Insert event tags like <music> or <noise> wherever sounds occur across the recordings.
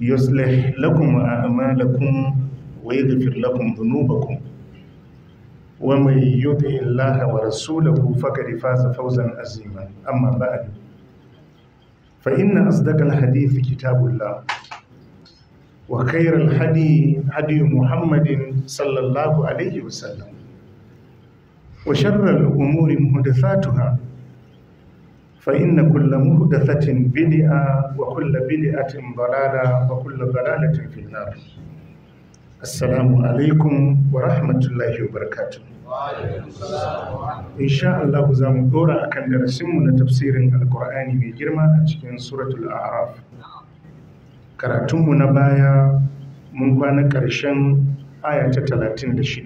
يصلح لكم أعمالكم ويغفر لكم ذنوبكم ومن يطع الله ورسوله فقد فاز فوزا عظيما أما بعد فإن أصدق الحديث كتاب الله وخير الهدي هدي محمد صلى الله عليه وسلم وشر الأمور محدثاتها فإن كل محدثة بدعة وكل بدعة ضلالة وكل ضلالة في النار السلام عليكم ورحمة الله وبركاته إن شاء الله زام دورا أكن درسمنا تفسير القرآن بجرمة أتكين سورة الأعراف كراتمنا بايا من كان كرشن آية 36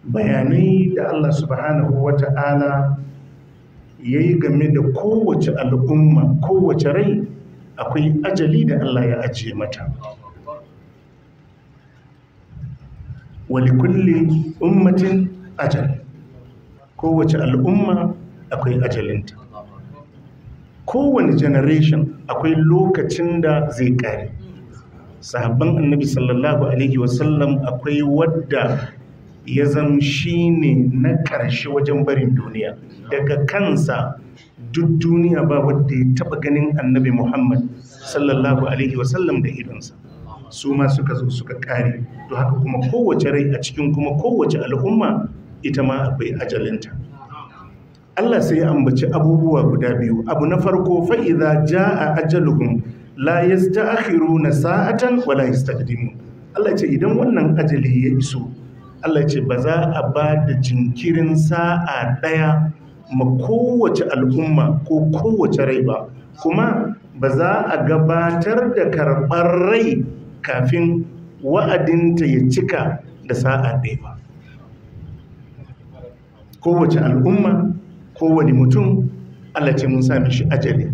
bayanai da Allah subhanahu wa ta'ala ya yi game da kowace al'umma kowace rai akwai ajali da Allah ya ajiye mata Wani kulle ummatin ajal kowace al'umma akwai ajalinta kowane generation akwai lokacin da zai kare sahabban annabi sallallahu alaihi wasallam akwai wadda ya zama shi ne na ƙarshe wajen barin duniya daga kansa duk duniya ba wadda ya taɓa ganin annabi muhammad sallallahu alaihi wasallam da idonsa su ma suka zo suka ƙare to haka kuma kowace rai a cikin kuma kowace al'umma ita ma akwai ajalinta Allah sai ya ambaci abubuwa guda biyu abu na farko fa'iza ja a ajaluhum la na sa'atan wala yastaqdimun Allah ce idan wannan ajali ya iso Allah ce ba za a ba da jinkirin sa'a ɗaya ma kowace al'umma ko kowace rai ba kuma ba za a gabatar da karɓar rai kafin wa'adinta ya cika da sa'a ɗaya ba kowace al'umma kowane mutum Allah ce mun sami shi ajali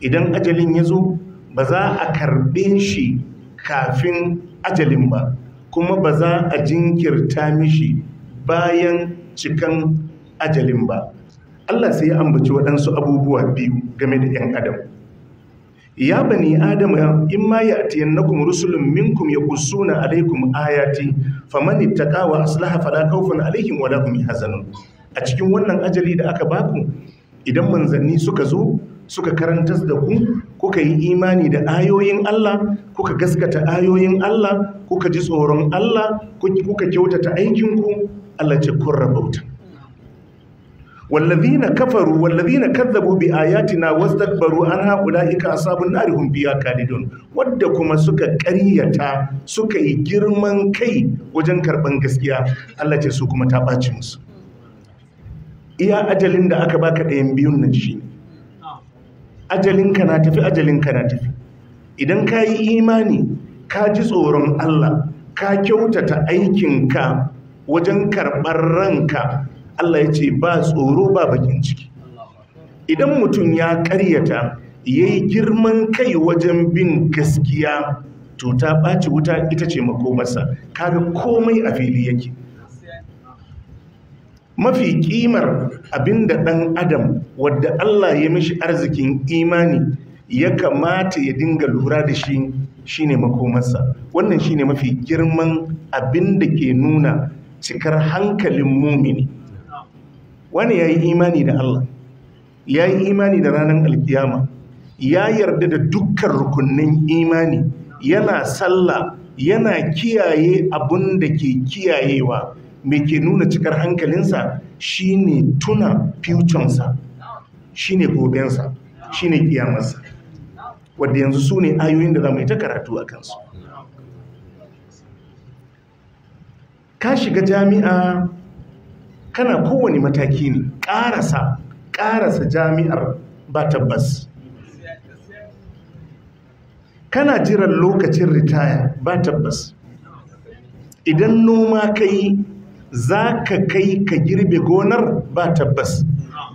idan ajalin ya zo ba za a karɓe shi kafin ajalin ba kuma ba za a jinkirta mishi bayan cikan ajalin ba Allah sai ya ambaci waɗansu abubuwa biyu game da ‘yan adam ya bani adam in ma ya atiyan na kuma rusulun minkum ya kusuna alaikum ayati famani a aslaha fala kaufin alaihim wala kuma hazanun a cikin wannan ajali da aka baku idan manzanni suka zo suka karantar da ku kuka yi imani da ayoyin Allah kuka gaskata ayoyin Allah kuka ji tsoron Allah kuka kyautata aikinku Allah ce kun rabauta wallazina kafaru wallazina kadzabu bi ayatina wastakbaru an haulaika asabun nari hum biya kalidun wadda kuma suka ƙaryata suka yi girman kai wajen karban gaskiya Allah ce su kuma ta ɓaci musu iya ajalin da aka baka ɗayan biyun nan shine ajalinka na tafi ajalinka na tafi idan ka yi imani ka ji tsoron Allah ka kyautata aikinka wajen karɓar ranka Allah ya ce ba tsoro ba bakin ciki idan mutum ya ƙaryata ya yi girman kai wajen bin gaskiya to ta ɓaci wuta ita ce makomarsa kaga komai a fili yake mafi kimar abinda ɗan adam wadda Allah ya mishi arzikin imani ya kamata ya dinga lura da shi shine makomarsa wannan shine mafi girman abinda ke nuna cikar hankalin mumini wani ya yi imani da Allah ya yi imani da ranar alkiyama ya yarda da dukkan rukunin imani yana sallah yana kiyaye abin da ke kiyayewa mai ke nuna cikar hankalinsa shine tuna fiuconsa shine gobensa shine kiyamarsa wadda yanzu su ne ayoyin da za mu yi ta karatu a kansu ka shiga jami'a kana kowane mataki ne ƙarasa ƙarasa jami'ar ba tabbas kana jiran lokacin ritaya ba tabbas idan noma ka yi za ka kai ka girbe gonar ba tabbas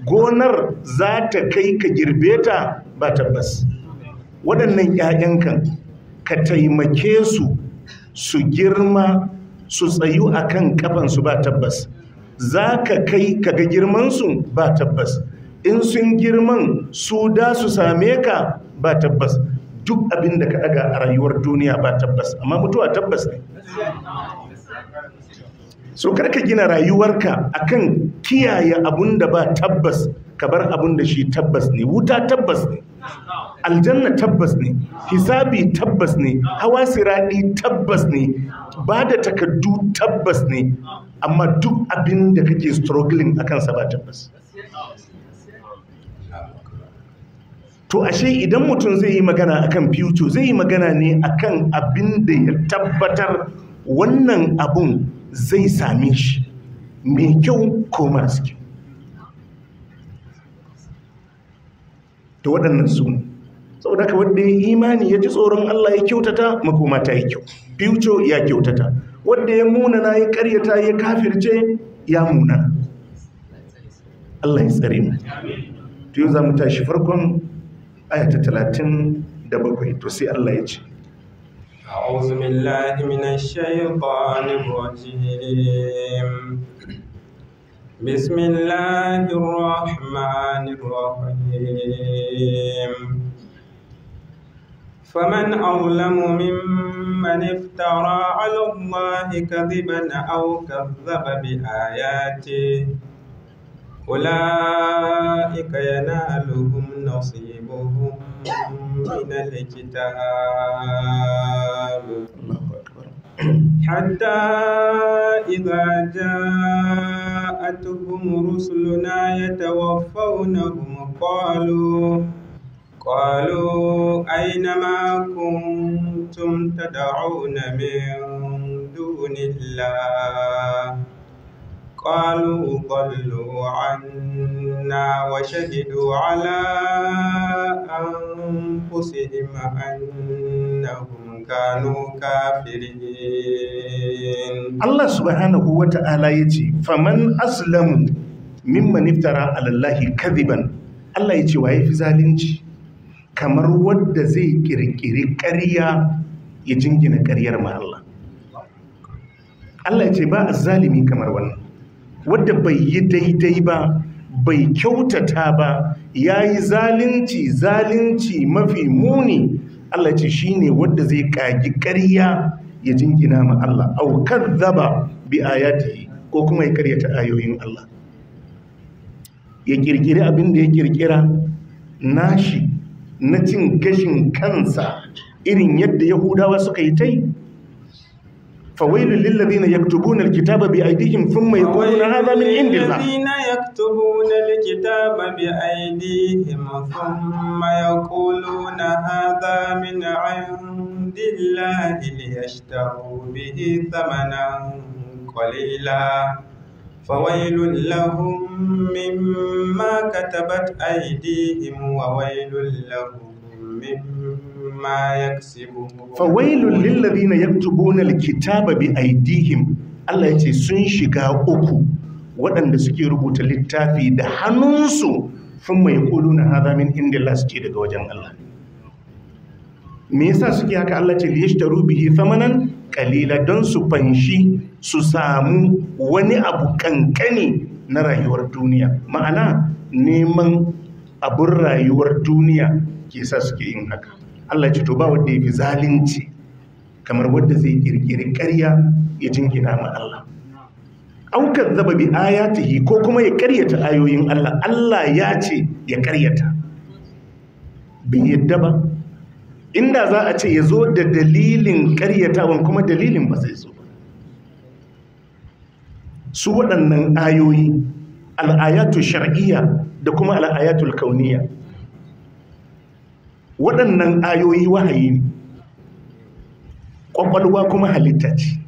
gonar za ta kai ka girbe ta ba tabbas waɗannan 'ya'yankan ka taimake su su girma su tsayu a kan ƙafansu ba tabbas za ka kai ka ga girmansu ba tabbas in sun girman su da su same ka ba tabbas duk abin da ka ɗaga a rayuwar duniya ba tabbas amma mutuwa tabbas ne so ka gina rayuwarka akan kiyaye abun da ba tabbas ka bar abun da shi tabbas ne wuta tabbas ne aljanna tabbas ne hisabi tabbas ne hawa siradi tabbas ne ba da takaddu tabbas ne amma duk abin da kake struggling akan sa ba tabbas to ashe idan mutum zai yi magana akan future zai yi magana ne akan abin da ya tabbatar wannan abun zai same shi mai kyau ko marasa kyau ta waɗannan su ne saboda haka da imani ya ji tsoron Allah ya kyautata makoma ta yi kyau future ya kyautata wanda ya muna na ya karyata ya kafirce ya muna Allah ya tsare mu Ta za mu tashi farkon talatin da bakwai, to sai Allah ya ce أعوذ بالله من الشيطان الرجيم بسم الله الرحمن الرحيم فمن أظلم ممن افترى على الله كذبا أو كذب بآياته أولئك ينالهم نصيبهم وأوتينا الكتاب حتى إذا جاءتهم رسلنا يتوفونهم قالوا قالوا أين ما كنتم تدعون من دون الله قالوا ضلوا عنا وشهدوا على أنفسهم أنهم كانوا كافرين الله سبحانه وتعالى يتي فمن أسلم ممن افترى على الله كذبا الله يتي وهي في zalunci kamar wadda zai kirkiri ƙarya ya jingina ƙaryar ma Allah Allah ya ce ba zalimi kamar wannan wadda bai yi daidai ba bai kyautata ba ya yi zalunci zalunci mafi muni Allah ce shi ne wadda zai kagi ƙarya ya jingina ma Allah aukar zaba bi ayati ko kuma ya karyata ayoyin Allah ya ƙirƙiri abin da ya ƙirƙira nashi na cin gashin kansa irin yadda yahudawa suka yi ta yi. فويل للذين يكتبون الكتاب بأيديهم ثم يقولون هذا من عند الله الذين يكتبون الكتاب بأيديهم ثم يقولون هذا من عند الله ليشتروا به ثمنا قليلا فويل لهم مما كتبت أيديهم وويل لهم مما ma na fawailul lil ladina yaktubuna bi aydihim Allah yace sun shiga uku waɗanda suke rubuta littafi da hannunsu sun mai kuluna hadha min indillah suke daga wajen Allah me yasa suke haka Allah ce liyashtaru bihi thamanan qalila don su fanshi su samu wani abu kankani na rayuwar duniya ma'ana neman abun rayuwar duniya ke sa suke yin haka Allah ce to ba wanda ya zalunci kamar wanda zai kirkiri ƙarya ya jingina ma Allah aukar zaba bi ayatihi ko kuma ya ƙaryata ayoyin Allah Allah ya ce ya ƙaryata bai yadda ba inda za a ce ya zo da dalilin ƙaryatawan kuma dalilin ba zai zo su waɗannan ayoyi al'ayatu shar'iyya da kuma al'ayatul kauniya waɗannan ayoyi wahayi ne ƙwaƙwalwa kuma halitta ce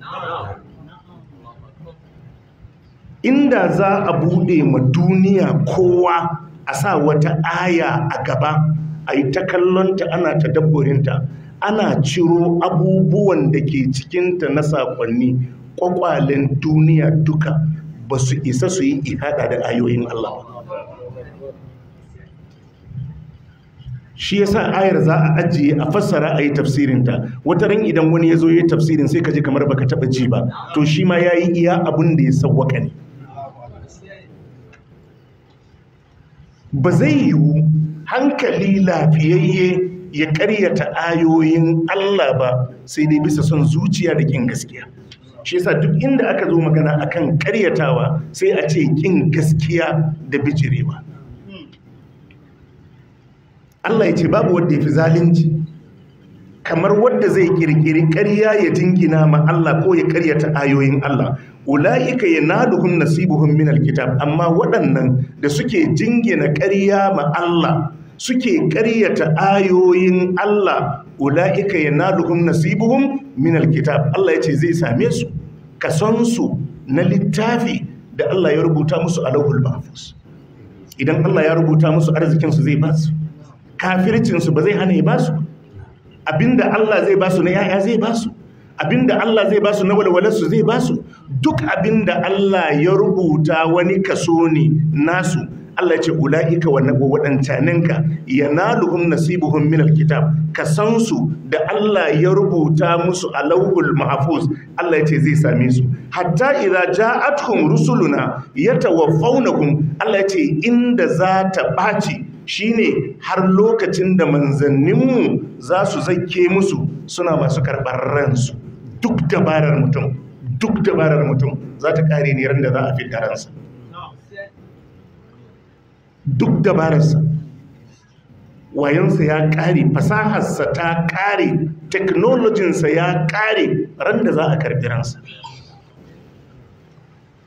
inda za a buɗe ma duniya kowa a sa wata aya a gaba a yi ta kallonta ana ta dabborinta ana ciro abubuwan da ke cikinta na saƙonni ƙwaƙwalen duniya duka ba su isa su yi ihada da ayoyin Allah ba shi ya sa ayar za a ajiye a fassara a yi tafsirinta wata ran idan wani ya zo ya tafsirin sai ka ji kamar baka taɓa ji ba to shi ma ya yi iya abin da ya sauwaka ne ba zai yiwu hankali lafiyayye ya karyata ayoyin Allah ba sai dai bisa son zuciya da ƙin gaskiya shi yasa duk inda aka zo magana akan ƙaryatawa sai a ce ƙin gaskiya da bijirewa Allah ya ce babu wanda ya fi zalunci kamar wanda zai kirkiri ƙarya ya jingina ma Allah ko ya ƙaryata ayoyin Allah ula'ika yanaduhum nasibuhum min alkitab amma waɗannan da suke jingina ƙarya ma Allah suke ƙaryata ayoyin Allah ula'ika yanaduhum nasibuhum min alkitab Allah ya ce zai same su kasonsu na littafi da Allah ya rubuta musu a lauhul mahfuz idan Allah ya rubuta musu arzikin su zai ba su kafircinsu ba zai hana ya ba su? abinda Allah zai ba su na yaya zai ba su? abinda Allah zai ba su na walwalarsu zai ba su? duk abinda Allah ya rubuta wani kaso ne nasu Allah ya ce ula'ika wa waɗancaninka, ya yanaluhum nasibuhum min alkitab san su da Allah ya rubuta musu a lawhul mahfuz Allah ya ce zai same su hatta idza ja'atkum rusuluna yatawaffawnakum Allah ya ce inda za ta baci shine har lokacin da manzanninmu za su zake musu suna masu karɓar ransu duk dabarar mutum duk dabarar mutum za ta ƙare ne ran da za a fi ransa duk dabararsa wayansa ya ƙare fasaharsa ta ƙare teknolojinsa ya ƙare ran za a karɓi ransa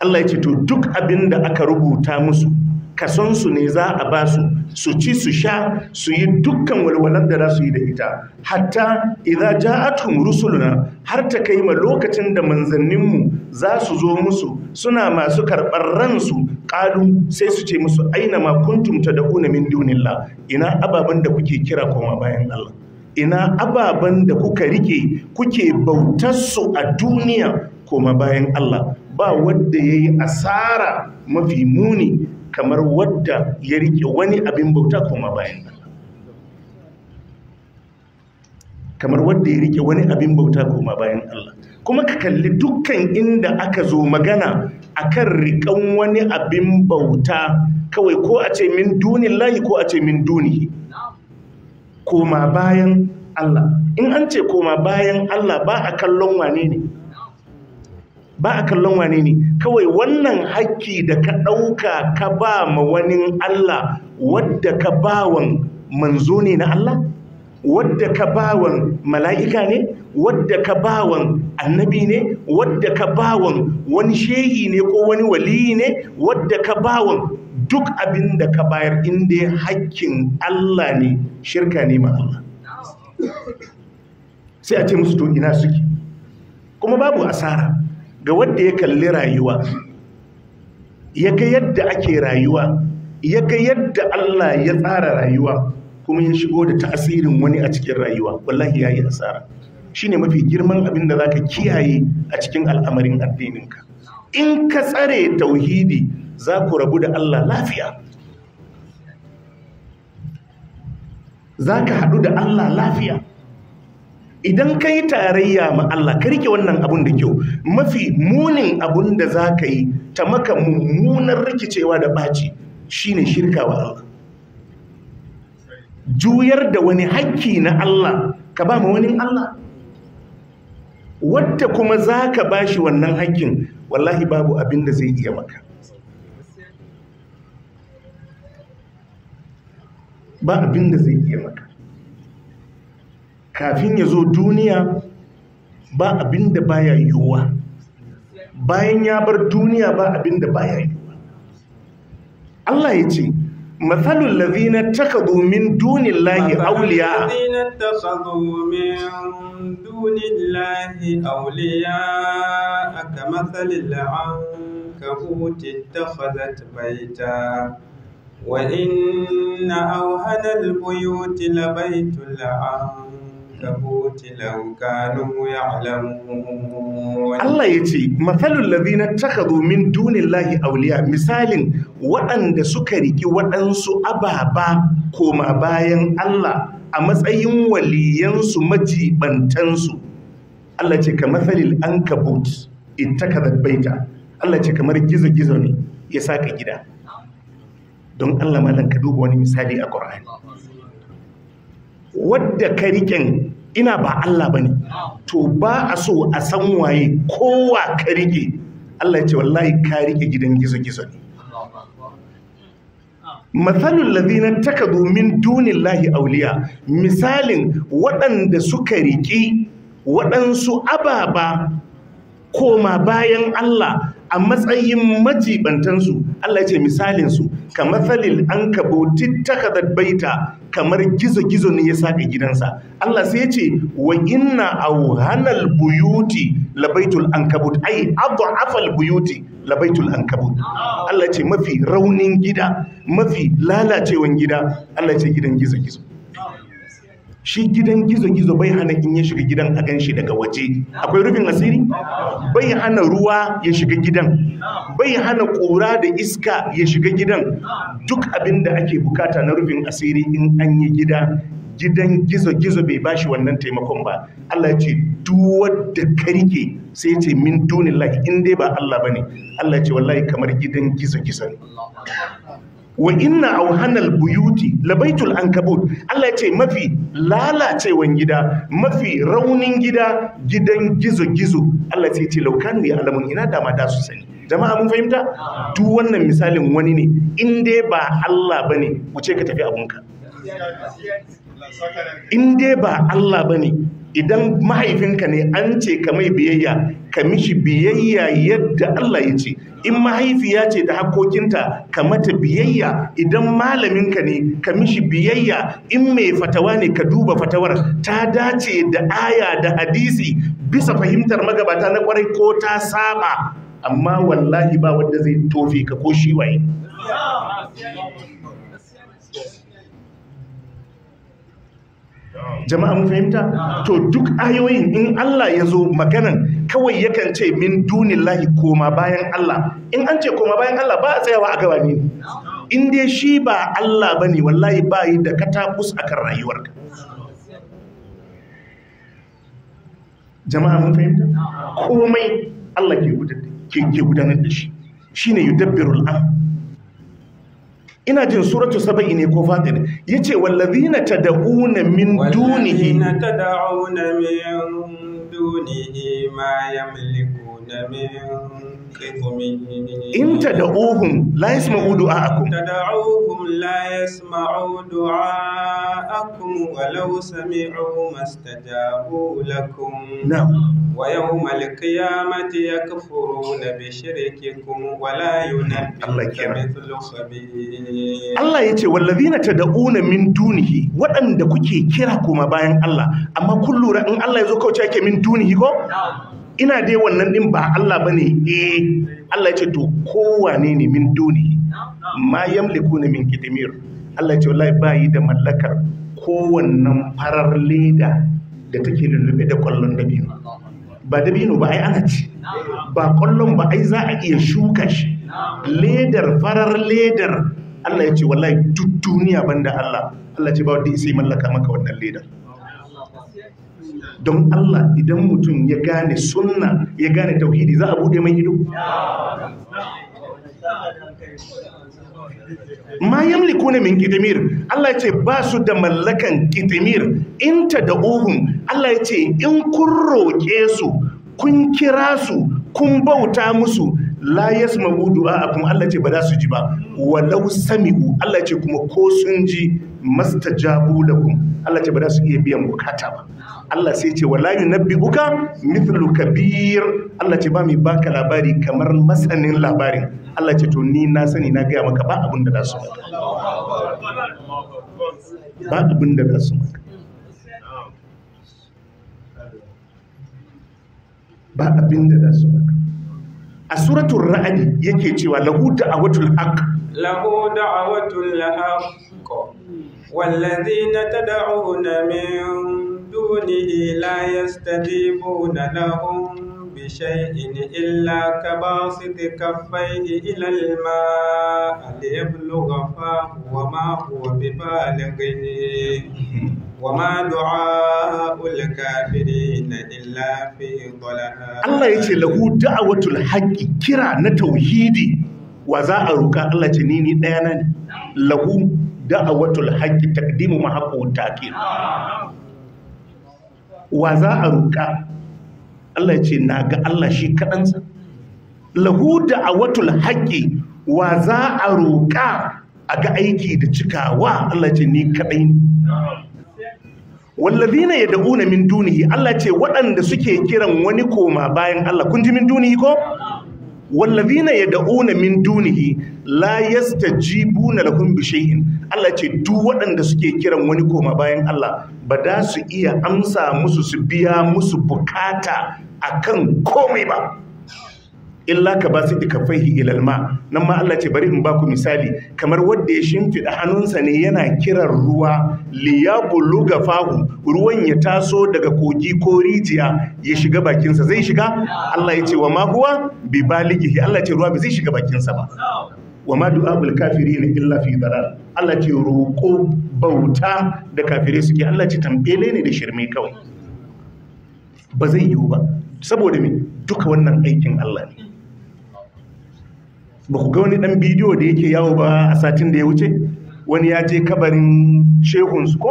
Allah ya ce to duk abin da aka rubuta musu kasonsu ne za a ba su su ci su sha su yi dukkan walwalar da za su yi da ita hatta idan ja'atun rusuluna har ta kai ma lokacin da manzanninmu za su zo musu suna masu karɓar ransu ƙalu sai su ce musu aina ma kuntum tad'una min dunillah ina ababen da kuke kira koma bayan Allah ina ababen da kuka rike kuke bautar su a duniya koma bayan Allah ba wanda yayi asara mafi muni kamar wadda ya rike wani abin bauta koma bayan Allah kamar wadda ya rike wani abin bauta koma bayan Allah kuma ka kalli dukkan inda aka zo magana akan rikan wani abin bauta kawai ko a ce min dunillahi ko a ce min dunihi koma bayan Allah in an ce koma bayan Allah ba a kallon wane ne ba a kallon wane ne kawai wannan haƙƙi da ka ɗauka ka ba ma wani Allah wadda ka bawan manzo ne na Allah wadda ka bawan mala'ika ne wadda ka bawan annabi ne wadda ka bawan wani shehi ne ko wani waliyi ne wadda ka bawan duk abin da ka bayar inda ya haƙƙin Allah ne shirka ne ma Allah sai a ce musu to ina suke kuma babu asara ga wanda ya kalli rayuwa ya ga yadda ake rayuwa ya ga yadda Allah ya tsara rayuwa kuma ya shigo da tasirin wani a cikin rayuwa wallahi ya yi asara Shi ne mafi girman abin da za ka kiyaye a cikin al'amarin addininka in ka tsare tauhidi za ku rabu da Allah lafiya za ka haɗu da Allah lafiya idan ka yi tarayya ma Allah ka rike wannan abun da kyau mafi munin abun da za ka yi ta maka mummunar rikicewa da ɓaci shine shirka wa Allah juyar da wani hakki na Allah ka ba ma wani Allah wadda kuma za ka ba shi wannan hakkin wallahi babu abin da zai iya maka ba abin da zai iya maka kafin ya zo duniya ba abin da baya yiwuwa bayan ya bar duniya ba abin da baya yiwuwa Allah ya ce mathalul ladhina takhadhu min dunillahi awliya ladhina takhadhu min dunillahi awliya akamathalil ankabuti takhadhat baita wa inna awhana albuyuti labaytul ankabuti Allah ya ce, Mafalin na taka domin dunin lahi auliya misalin waɗanda suka riƙi waɗansu ababa koma bayan Allah a matsayin waliyansu majibantansu. Allah ce ka mafalin an kabut in taka baita. Allah ce kamar gizo-gizo ne ya ka gida. Don Allah malan ka duba wani misali a Wadda ka riƙen ina ba Allah ba ne to ba a so a san waye kowa ka rike Allah ya ce wallahi ka rike gidan gizo-gizo ne mathalul ladina takadu min dunillahi lahi auliya misalin waɗanda suka riƙi waɗansu ababa koma bayan Allah a matsayin majibantansu Allah ya ce misalinsu kamar falil an kabuti da baita kamar gizo-gizo ne ya saka gidansa Allah sai ya ce wa inna auhanal buyuti labaitul ankabut ai afal buyuti labaitul kabo Allah ya ce mafi raunin gida mafi lalacewan gida Allah ya ce gidan gizo-gizo shi gidan gizo-gizo bai hana in ya shiga gidan a gan shi daga waje akwai rufin asiri bai hana ruwa ya shiga gidan bai hana ƙura da iska ya shiga gidan duk abin da ake bukata na rufin asiri in an yi gida gidan gizo-gizo bai bashi wannan taimakon ba Allah ya ce duwadda karike sai ya ce min dunillahi in dai ba Allah ba ne. Allah ya ce wallahi kamar gidan gizo-gizo wa inna auhanal buyuti labaitul ankabut Allah ya ce mafi lalacewan gida mafi raunin gida gidan gizo gizo Allah ya ce laukanu ya alamun ina dama da su sani jama'a mun fahimta duk wannan misalin wani ne in dai ba Allah bane wuce ka tafi abunka in dai ba Allah bane idan mahaifinka ne an ce ka mai biyayya ka mishi biyayya yadda Allah ya ce in mahaifiya ce da hakokinta ka mata biyayya idan malaminka ne ka mishi biyayya in mai fatawa ne ka duba fatawar ta dace da aya da hadisi bisa fahimtar magabata na kwarai ko ta saba amma wallahi ba wanda zai tofe ka ko shi waye jama'a mu fahimta to duk ayoyin in Allah ya zo maganan kawai yakan ce min dunillahi koma bayan Allah in an ce koma bayan Allah ba a tsayawa a gaba ne in dai shi ba Allah bane wallahi ba yi da katakus akan rayuwarka jama'a mu fahimta komai Allah ke gudanar da shi shine yudabbirul amr ina jin suratu saba'i ne ko fatir yace ta dauna min dunihi ta dauna min dunihi ma yamlikuna min in ta da'uhum la yasma'u du'a'akum tad'uhum la yasma'u du'a'akum walau ta mastajabu lakum min dunihi waɗanda kuke kira kuma bayan Allah amma kullura lura in Allah ya zo kauce yake min dunihi ko ina dai wannan din ba Allah ba ne eh Allah ya ce to kowane ne min duni ma yamliku ne min kitimir Allah ya ce wallahi yi da mallakar kowannan farar leda da take lullube da kwallon dabino ba dabino ba ai ana ci ba kwallon ba ai za a iya shuka shi ledar farar ledar Allah ya ce wallahi duk duniya banda Allah Allah ya ce ba wanda isa sai mallaka maka wannan ledar don Allah idan mutum ya gane sunna ya gane tauhidi za a bude mai ido ma yamliku ne min kitimir Allah ya ce ba su da mallakan kitimir in ta da uhun Allah ya ce in kun roƙe su kun kira su kun bauta musu la a du'a'akum Allah ce ba za su ji ba walau sami'u Allah ce kuma ko sun ji mastajabu lakum Allah ce ba za su iya biyan bukata ba Allah sai ce wala uka, mithlu kabir Allah ce ba mai baka labari kamar masanin labarin Allah ce to ni na sani na gaya maka ba abin da za su maka ba abin da za su maka ba abin da za su maka a suratul ra'adi yake cewa lahu da'awatul haq lahu da'awatul haq والذين تدعون من دونه لا يستجيبون لهم بشيء إلا كباسط كفيه إلى الماء ليبلغ فاه وما هو ببالغه وما دعاء الكافرين إلا في ضلال الله يجي له دعوة الحق كرا نتوحيدي وذا أروك الله تنيني دانا له da'awatul haqqi taqdimu ma haqqu ta'khir wa za a roƙa Allah ya ce na ga Allah shi kaɗansa lahu da'awatul haqqi wa za a roƙa a ga aiki da cikawa Allah ya ce ni kaɗai ne wallazina yad'una min dunihi Allah ce waɗanda suke kiran wani koma bayan Allah kun ji min dunihi ko wallazina yad'una min dunihi la yastajibuna lahum bi shay'in Allah ce duk waɗanda suke kiran wani koma bayan Allah ba da su iya amsa musu su biya musu bukata akan komai ba illa ka ba su kafaihi nan ma Allah ce bari in baku misali kamar wanda ya shimfiɗa hannunsa ne yana kiran ruwa liyabulu fahu ruwan ya taso daga kogi ko rijiya ya shiga bakinsa zai shiga Allah ya ce wa ma bi balighi Allah ce ruwa ba zai shiga bakinsa ba wa ma du'a'ul kafirin illa fi darar Allah ce roƙo bauta da kafirai suke Allah ce tambele ne da shirme kawai ba zai yiwu ba saboda me duka wannan aikin Allah ne ba ku ga wani ɗan bidiyo da yake yawo ba a satin da ya wuce wani ya je kabarin shehunsu ko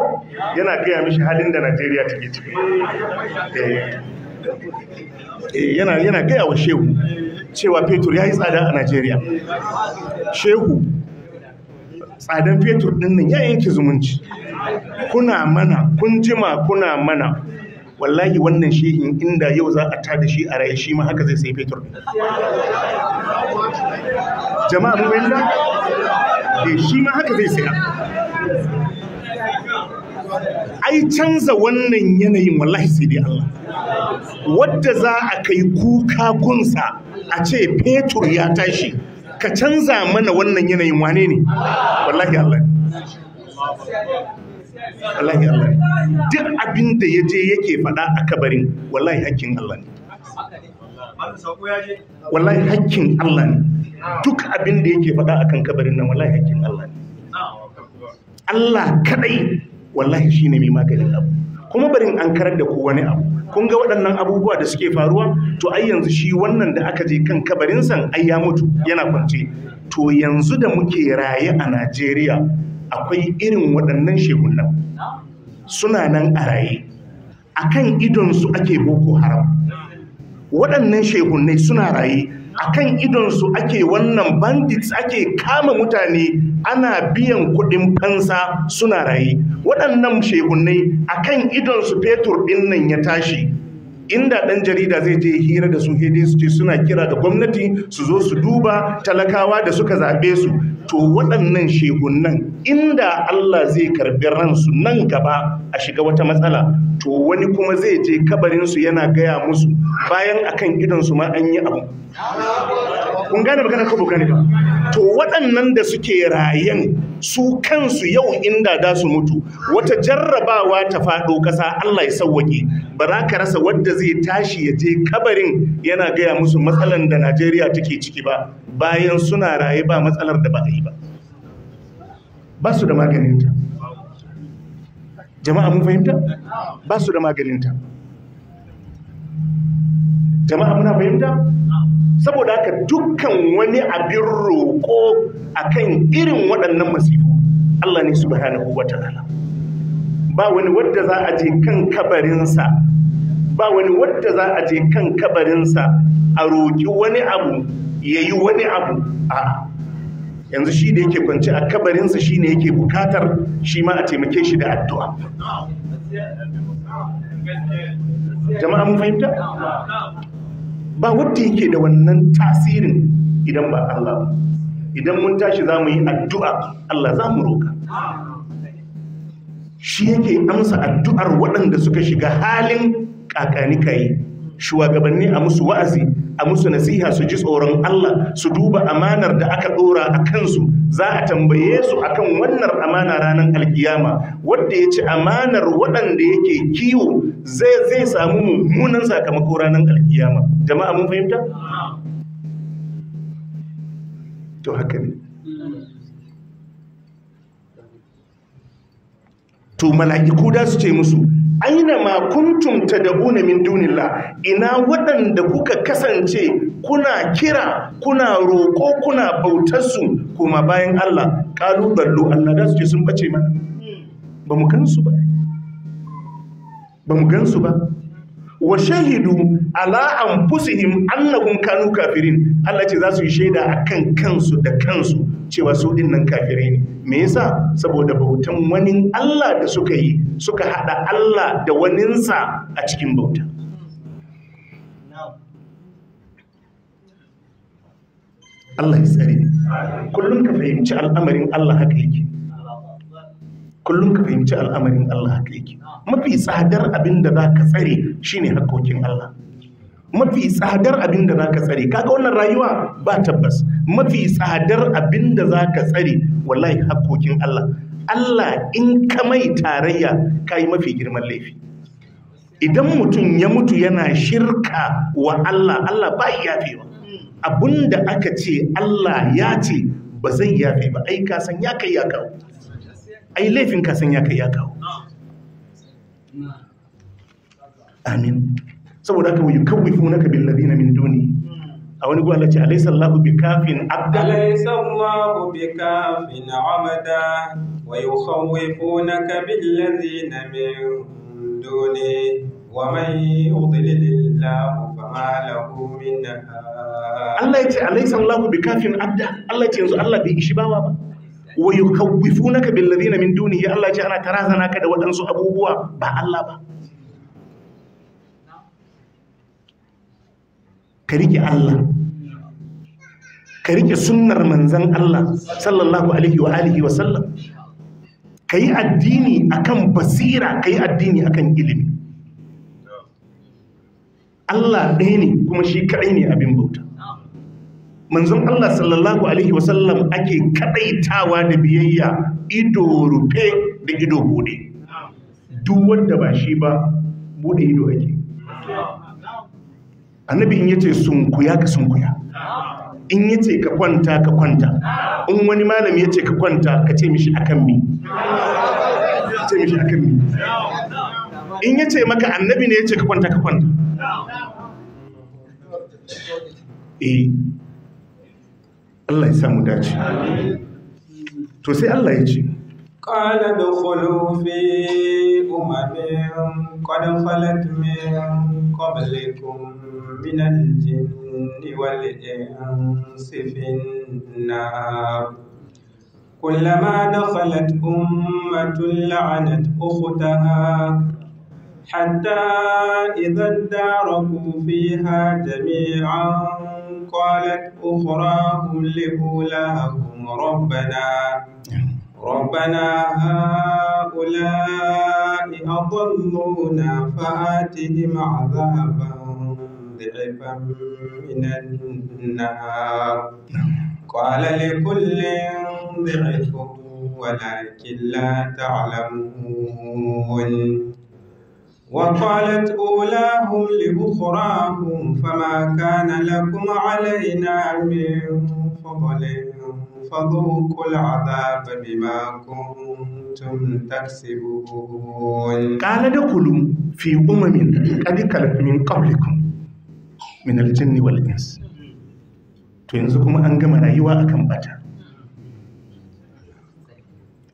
yana gaya mishi halin da najeriya take ciki eh, eh, yana gaya wa shehu cewa fetur ya yi tsada a najeriya shehu tsadan fetur ɗinnan ya yanke zumunci kuna mana kun jima kuna mana wallahi wannan shehin inda yau za a tada shi a raye shi ma haka zai sai fetur jama'a mu wanda da shi ma haka zai saya ai canza wannan yanayin wallahi sai dai Allah wadda za a kai kuka kunsa a ce fetur ya tashi ka canza mana wannan yanayin wane ne wallahi Allah wallahi Allah duk abin da ya je yake faɗa a kabarin wallahi hakkin Allah ne wallahi hakkin Allah ne duk abin da yake faɗa akan kabarin nan wallahi hakkin Allah ne Allah kadai wallahi shine mai maganin abu kuma barin an karar da ku wani abu kun ga waɗannan abubuwa da suke faruwa to ai yanzu shi wannan da aka je kan kabarin san ai ya mutu yana kwance to yanzu da muke raye a Najeriya akwai irin waɗannan shekunan suna nan a raye a kan idonsu ake boko haram waɗannan shekunnai suna raye a kan idonsu ake wannan bandits ake kama mutane ana biyan kuɗin fansa suna raye waɗannan shekunai a kan idonsu fetur ɗin nan ya tashi inda ɗan jarida zai je hira da su hede su ce suna kira ga gwamnati su zo su duba talakawa da suka zaɓe su to waɗannan shegunan inda Allah zai karɓi ransu nan gaba a shiga wata matsala to wani kuma zai je kabarin su yana gaya musu bayan akan su ma an yi abu kun gane magana ko ba gane ba to waɗannan da suke rayan su kansu yau inda da su mutu wata jarrabawa ta faɗo ƙasa Allah ya sauwaƙe ba za ka rasa wadda zai tashi ya je kabarin yana gaya musu matsalan da Najeriya take ciki ba bayan suna raye ba matsalar da ba a yi ba ba su da maganinta jama'a mun fahimta ba su da maganinta jama'a muna fahimta saboda haka dukkan wani abin roƙo a kan irin waɗannan masifu Allah ne subhanahu wa ta'ala ba wani wadda za a je kan kabarinsa ba wani wadda za a je kan kabarinsa a roƙi wani abu ya yi wani abu a yanzu shi da yake kwanci a kabarinsa shi ne yake bukatar shi ma a taimake shi da addu'a jama'a mun fahimta ba wanda yake da wannan tasirin idan ba Allah ba idan mun tashi za mu yi addu'a Allah za mu roka shi yake amsa addu'ar waɗanda suka shiga halin kakani yi. shugabanni a musu wa'azi a musu nasiha su ji tsoron Allah su duba amanar da aka ɗora a kansu za a tambaye su akan wannan amana ranar alkiyama wanda ya ci amanar waɗanda yake kiwo zai zai samu mummunan sakamako ranar alkiyama jama'a mun fahimta to haka ne to mala'iku da su ce musu aina ma kuntum tad'una min dunillah ina waɗanda kuka kasance kuna kira kuna roko, kuna bautar su kuma bayan Allah qalu Allah da su sun bace mana hmm. ba mu gansu ba ba mu gansu ba wa shahidu ala fusihim annahum kanu kafirin Allah ce za su yi shaida akan kansu da kansu cewa su din nan kafirai ne me yasa saboda bautan wani Allah da suka yi suka hada Allah da waninsa a cikin bauta Allah ya tsare kullum ka fahimci al'amarin Allah haka yake kullum ka fahimci al'amarin Allah haka yake mafi tsadar abin da za ka tsare shine haƙoƙin Allah mafi tsadar abin da za ka tsare kaga wannan rayuwa ba tabbas mafi tsadar abin da za ka tsare wallahi haƙoƙin Allah Allah in ka mai tarayya ka yi mafi girman laifi idan mutum ya mutu yana shirka wa Allah Allah ba yafewa abin da aka ce Allah ya ce ba zai yafe ba ai ka san ya kai ya kawo ai laifin kasan ya kai ya kawo amin saboda aka wuyi kawwifunaka bil ladina min duni a wani gwala ce alaisa Allah bi kafin abda alaisa Allah bi kafin amada wa yukhawifunaka bil ladina min duni wa man yudlil Allah fama lahu min Allah ya ce alaisa Allah bi kafin abda Allah ya ce yanzu Allah bai ishi bawa ba wa yukawwifunaka bil ladina min dunihi Allah ya ce ana tarazana ka da waɗansu abubuwa ba Allah ba ka Allah ka sunnar manzan Allah sallallahu alaihi wa alihi wa sallam ka yi addini akan basira ka yi addini akan ilimi Allah ɗaya ne kuma shi kaɗai ne abin bauta manzon Allah sallallahu alaihi wasallam ake kadaitawa da biyayya ido rufe da ido bude duk wanda ba shi ba bude ido yake annabi in yace sunkuya ka sunkuya in yace ka kwanta ka kwanta in wani malami yace ka kwanta ka ce mishi akan me ce mishi akan me in yace maka annabi ne yace ka kwanta ka kwanta eh الله يسامو samu dace to sai Allah قال دخلوا في أمم قد خلت من قبلكم من الجن والإنس في النار كلما دخلت أمة لعنت أختها حتى إذا اداركوا فيها جميعا قالت أخراهم لأولاهم ربنا ربنا هؤلاء أضلونا فآتهم عذابا ضعفا من النار قال لكل ضعف ولكن لا تعلمون وقالت أولاهم لأخراهم فما كان لكم علينا من فضل فذوقوا العذاب بما كنتم تكسبون قال ادخلوا في أمم قد خلت من قبلكم من الجن والإنس to yanzu kuma an gama rayuwa akan bata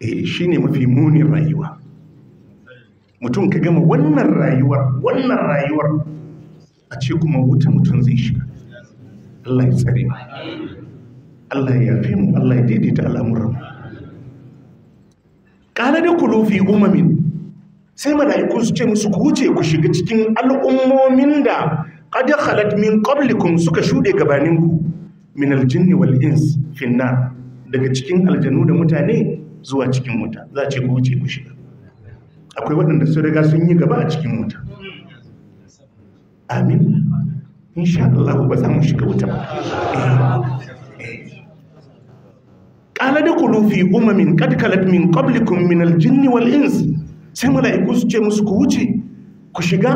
eh shine mafi munin rayuwa mutum ka gama wannan rayuwar wannan rayuwar a ce kuma wuta mutum zai shiga Allah ya tsare mu Allah ya yafe mu Allah ya daidaita al'amuran mu kana da kulufi umamin sai mala'iku su ce musu ku wuce ku shiga cikin al'ummomin da qad khalat min qablikum suka shude gabaninku min aljinni wal ins finna daga cikin aljanu da mutane zuwa cikin wuta za ce ku wuce ku shiga akwai waɗanda su riga sun yi gaba a cikin wuta amin sha Allah ba za mu shiga wuta ba qala dukulu fi umamin qad kalat min qablikum min al-jinn wal ins sai mala'iku su ce musu ku wuce ku shiga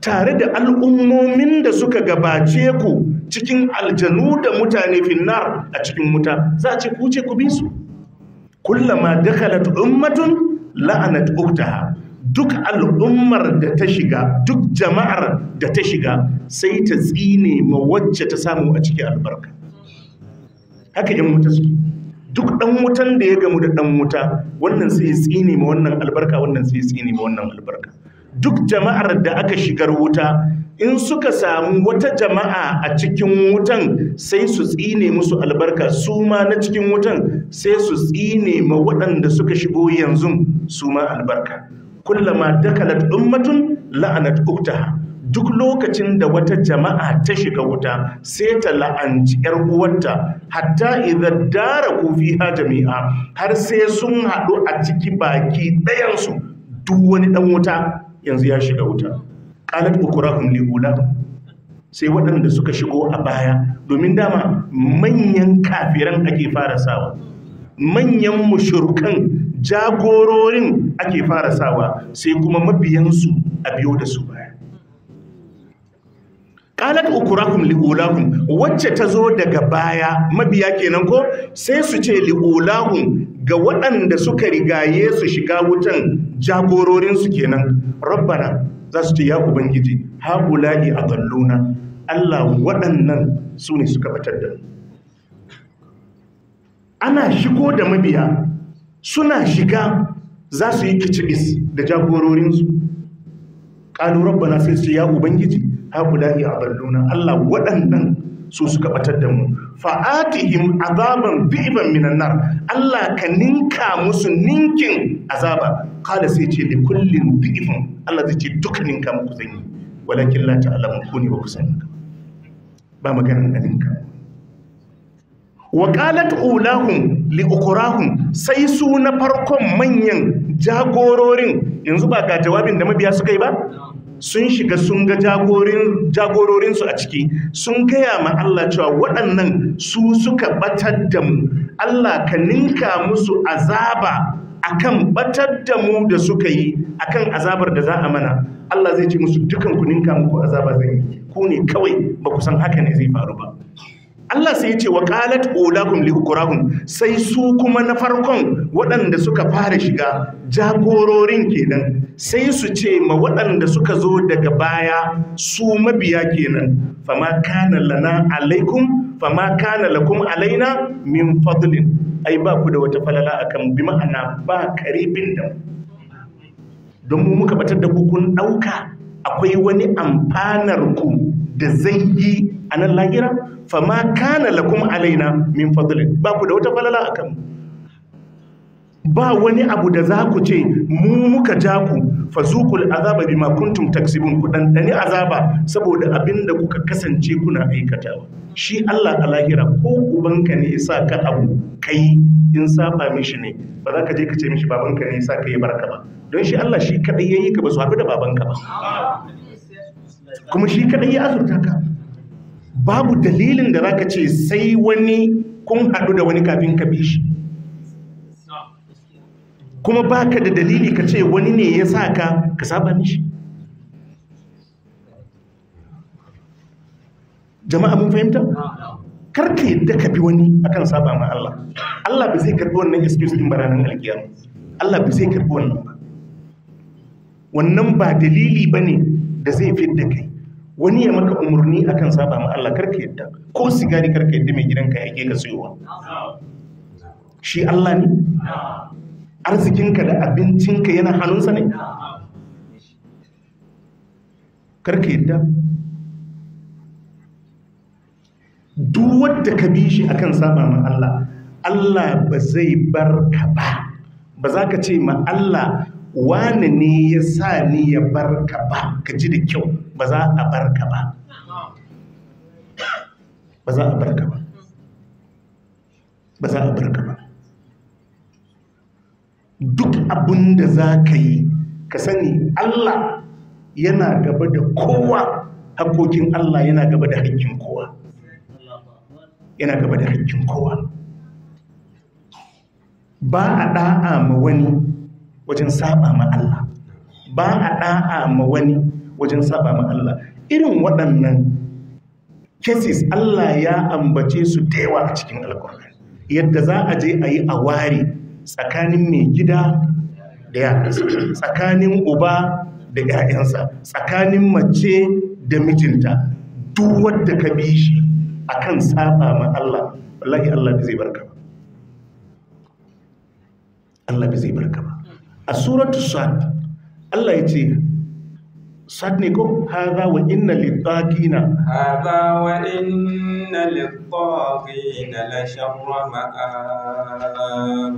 tare da al'ummomin da suka gabace ku cikin aljanu da mutane finnar a cikin wuta za a ce ku wuce ku bi su kullama dakalat ummatun la'anat uktaha duk al'ummar da ta shiga duk jama'ar da ta shiga sai ta tsine ma wacce ta samu a cikin albarka haka yin wuta suke duk dan wutan da ya gamu da dan wuta wannan sai tsine ma wannan albarka wannan sai tsine ma wannan albarka duk jama'ar da aka shigar wuta in suka samu wata jama'a a cikin wutan sai su tsine musu albarka su ma na cikin wutan sai su tsine ma waɗanda suka shigo yanzu su ma albarka kullama dakalat ummatun la'anat uktaha duk lokacin da wata jama'a ta shiga wuta sai ta la'anci ‘yar uwarta hatta idan dara kofi ha jami'a har sai sun haɗu a ciki baki ɗayansu duk wani ɗan wuta yanzu ya shiga wuta qalat ukurahum li ula sai waɗanda suka shigo a baya domin dama manyan kafiran ake fara sawa manyan mushurkan jagororin ake fara sawa sai kuma mabiyansu a biyo da su baya qalat ukurahum liulahum wacce ta zo daga baya mabiya kenan ko sai su ce li'ulahun ga waɗanda suka rigaye su shiga wutan jagororinsu su kenan rabbana za su ce ya ubangiji haƙula'i a kallona allah waɗannan su ne suka batar da ana shigo da mabiya suna shiga za su yi kicibis da jagororinsu ƙalurabba na sai su ya ubangiji haƙula'i a kallona allah waɗannan su suka batar da mu fa'atihim azaban bi'ban minan nar Allah ka ninka musu ninkin azaba qala sai ce da kullin bi'fun Allah zai ce duka ninka muku zan yi walakin la ta'lamu ku wa ba ba maganin da ninka wa qalat ulahum li ukurahum sai su na farkon manyan jagororin yanzu ba ga jawabin da mabiya suka yi ba sun shiga sun ga jagororinsu a ciki sun gaya ma Allah cewa waɗannan su suka batar da mu Allah ka ninka musu azaba akan batar da mu da suka yi akan azabar da za a mana Allah zai ce musu dukan ku ninka muku azaba zai yi ku ne kawai ba ku san haka ne zai faru ba Allah sai ya ce wa qalat ulahum li sai su kuma na farkon waɗanda suka fara shiga jagororin kenan sai su ce ma waɗanda suka zo daga baya su mabiya kenan fama kana lana alaikum fama kana lakum alaina min fadlin ai ba ku da wata falala akan bi ma'ana ba karibin da don mu muka batar da kukun kun ɗauka akwai wani amfanar ku da zai yi a nan lahira fama kana lakum alaina min fadlin ba ku da wata falala a kanmu ba wani abu da za ku ce mu muka ja ku fa zuqul azaba bima kuntum taksibun ku dan dani azaba saboda abin da kuka kasance kuna aikatawa shi Allah a lahira ko ubanka ne yasa ka abu kai in saba mishi ne ba za ka je ka ce mishi babanka ne yasa kai barka ba don shi Allah shi kadai yayi ka ba su haɗu da babanka ba kuma shi kadai ya azurta ka babu dalilin da zaka ce sai wani kun haɗu da wani kafin ka bi shi kuma baka da dalili ka ce wani ne ya sa ka ka saba mishi jama'a mun fahimta karka yadda ka bi wani akan saba ma Allah Allah bai zai karbi wannan excuse din baranan alkiyama Allah bai zai karbi wannan ba wannan ba dalili bane da zai fidda kai wani ya maka umarni akan saba ma Allah karka yadda ko sigari karka yadda mai gidanka yake ka sayowa shi Allah ne arzikinka da abincinka yana hannunsa ne karka yadda duk wadda ka bi shi akan saba ma Allah Allah ba zai bar ka ba ba za ka ce ma Allah wani ne ya sa ni ya bar ka ba ka ji da kyau ba za a bar ka ba ba za a bar ka ba ba za a bar ka ba duk abin da za ka yi ka sani Allah yana gaba da kowa hakokin Allah yana gaba da hakkin kowa yana gaba da hakkin kowa ba a ɗa'a ma wani wajen saba ma Allah ba a da'a ma wani wajen saba ma Allah irin waɗannan cases Allah ya ambace su da a cikin alkur'ani yadda za a je a yi a ware tsakanin mai gida da yaransa tsakanin uba da 'ya'yansa tsakanin mace da mijinta duk wadda ka bi shi akan saba ma Allah wallahi Allah zai barka ba Allah zai barka ba a suratu sad Allah ya ce sad ne ko haza wa inna littaqina haza wa inna littaqina la sharra ma'ab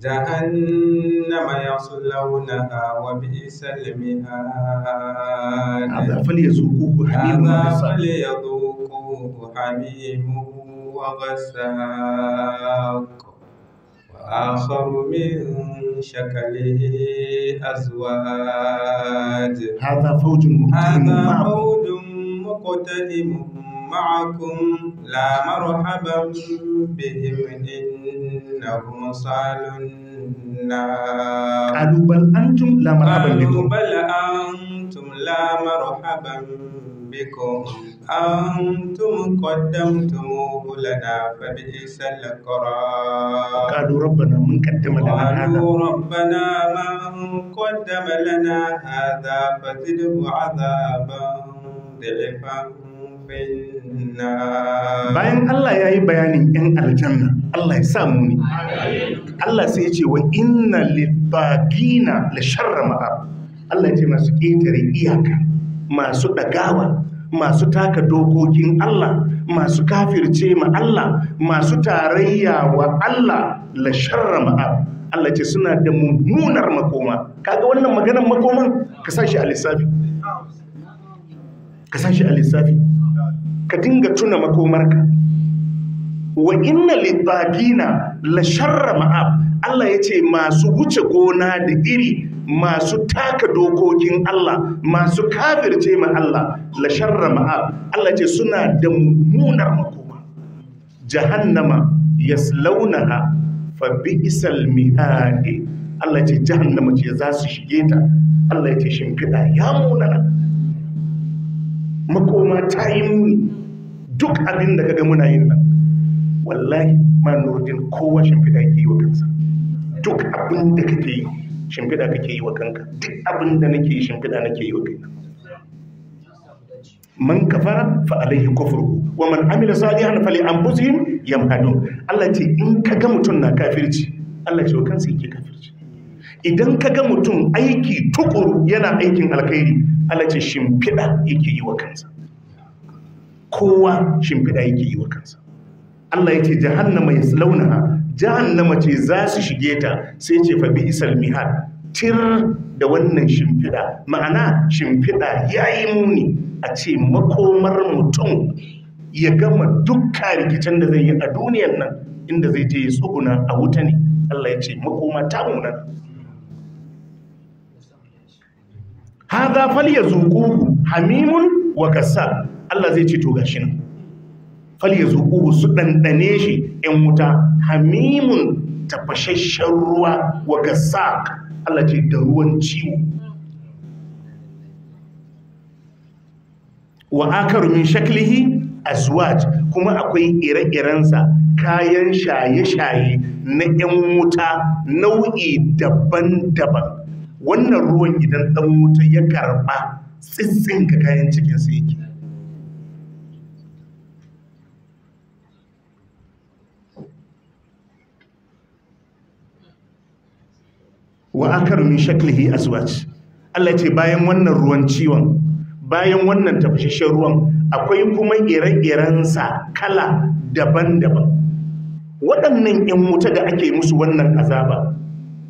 جهنم يصلونها وبئس المهاد هذا فليذوقوه حميم هذا فليذوقوه حميم وغساق وآخر من شكله أزواج هذا فوج هذا فوج مقتدم معكم لا مرحبا بهم إنهم صالوا النار قالوا بل أنتم لا مرحبا بكم قالوا بل أنتم لا مرحبا بكم أنتم قدمتموه لنا فبئس القرار قالوا ربنا من قدم لنا هذا قالوا ربنا من قدم لنا هذا فزده عذابا ضعفا bayan Allah ya yi bayanin 'yan aljanna Allah ya sa muni. Allah sai ya ce wa inna libagina la sharra ma'a Allah ya ce masu ƙetare iyaka masu ɗagawa masu taka dokokin Allah masu kafirce ma Allah masu tarayya wa Allah la sharra ma'ab Allah ce suna da mummunar makoma kaga wannan maganar makoman ka sashi a lissafi ka sashi a lissafi ka dinga tuna makomarka wa inna lidabina la sharra ma'ab Allah ya ce masu wuce gona da iri masu taka dokokin Allah masu kafirce ma Allah la sharra ma'ab Allah ce suna da mummunar makoma jahannama yaslawnaha fa bi'sal mihadi Allah ce jahannama ce za su shige ta Allah ce shimfiɗa ya munana makoma ta yi muni duk abin da kaga muna yin nan wallahi ma nurdin kowa shimfiɗa yake yi wa kansa duk abin da kake yi shimfiɗa kake yi wa kanka duk abin da nake yi shimfiɗa nake yi wa kaina man kafara fa alaihi kufru wa man amila salihan fali anfusihim yamhadun Allah ce in kaga mutum na kafirci Allah ce wa kansa yake kafirci idan kaga mutum aiki tukuru yana aikin alkhairi Allah ce shimfiɗa yake yi wa kansa kowa shimfiɗa yake yi wa kansa Allah ya ce jahannama yaslaunaha jahannama ce za su shige ta sai ce fa bi isal mihad tir da wannan shimfiɗa ma'ana shimfiɗa ya yi muni a ce makomar mutum ya gama dukka rikicin da zai yi a duniyar nan inda zai je ya tsuguna a wuta ne Allah ya ce makoma ta munan haza fal ya zuku hamimun wa kasa Allah zai ce to gashi nan falyazuquhu su ɗanɗane shi yan wuta hamimun tafashashen ruwa wa gasaq Allah ce da ruwan ciwo wa akaru min shaklihi azwaj kuma akwai ire-irensa kayan shaye-shaye na 'yan wuta nau'i daban-daban wannan ruwan idan ɗan wuta ya karɓa tsitsin ka kayan cikinsa yake wa akar min shaklihi azwaj Allah ce bayan wannan ruwan ciwon bayan wannan tafashashen ruwan akwai kuma ire-irensa kala daban-daban waɗannan 'yan wuta da ake musu wannan azaba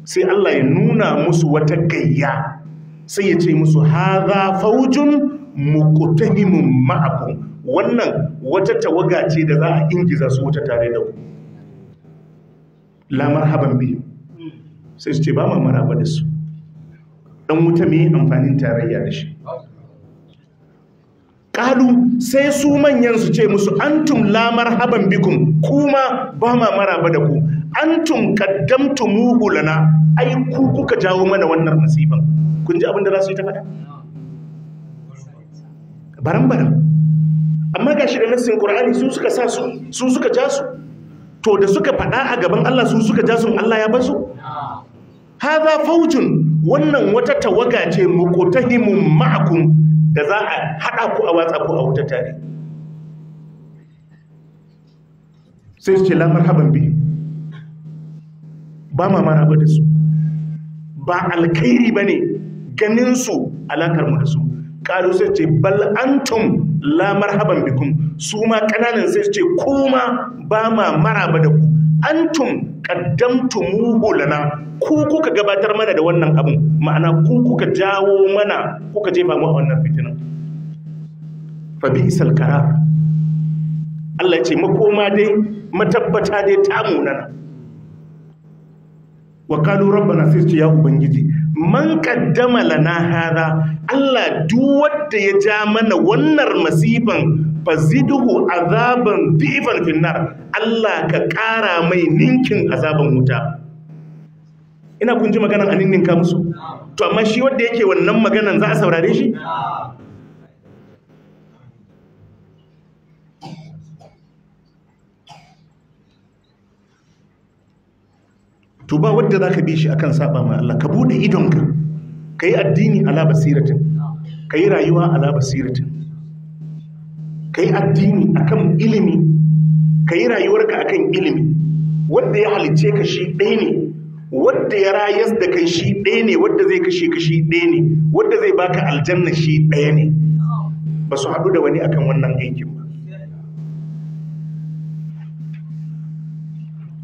sai Allah ya nuna musu wata gayya sai ya ce musu haza faujun muqtahimun ma'akum wannan wata tawaga ce da za a ingiza su wuta tare da ku la marhaban biyu sai su ce ba mamara ba da su dan wuta mai amfanin tarayya da shi ƙalu sai su manyan su ce musu antum lamar haban bikin kuma ba mamara ba da ku antum mugu lana ai ku kuka jawo mana wannan masifan kun ji abin da za su yi ta faɗa baran baran amma gashi da nassin qur'ani su suka sa su su suka ja su to da suka faɗa a gaban Allah su suka ja su Allah ya bar su haza faujun wannan wata tawaga ce muqtahimun ma'akum da za a hada ku a watsa ku a wuta tare sai su ce la marhaban bi ba ma maraba da su ba alkhairi bane ganin su alakar mu da su kalu sai ce bal antum la marhaban bikum su ma kananan sai su ce kuma ba ma maraba da ku antum qaddamtumuhu lana ku kuka gabatar mana da wannan abun ma'ana ku kuka jawo mana kuka jefa mu a wannan fitinan fa bi isal qarar Allah ya ce makoma dai matabbata dai ta munana wa qalu rabbana sai ya ubangiji man qaddama lana hada Allah duk wanda ya ja mana wannan masifan faziduhu azaban dhi'fan finnar Allah ka ƙara mai ninkin azaban wuta ina kun ji maganan a ninnin kamusu. to amma shi wadda yake wannan maganan za a saurare shi to ba wadda za ka bi shi akan saba ma Allah ka bude idonka ka yi addini ala basiratin ka yi rayuwa ala basiratin ka yi addini akan ilimi ka yi rayuwarka akan ilimi wanda ya halice ka shi ɗaya ne wanda ya rayas da kai shi ɗaya ne wanda zai kashe ka shi ɗaya ne wanda zai baka aljanna shi ɗaya ne ba su haɗu da wani akan wannan aikin ba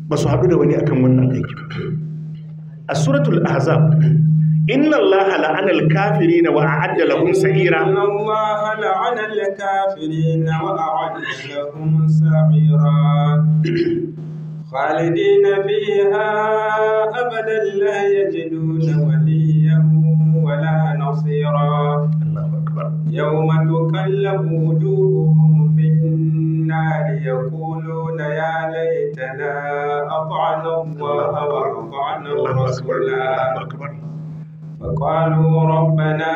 ba su haɗu da wani akan wannan aikin a suratul ahzab إن الله لعن الكافرين وأعد لهم سعيرا إن الله لعن الكافرين وأعد لهم سعيرا خالدين فيها أبدا لا يجدون وليا ولا نصيرا الله أكبر يوم تكلم وجوههم في النار يقولون يا ليتنا أطعنا الله وأطعنا الرسول الله أكبر فقالوا ربنا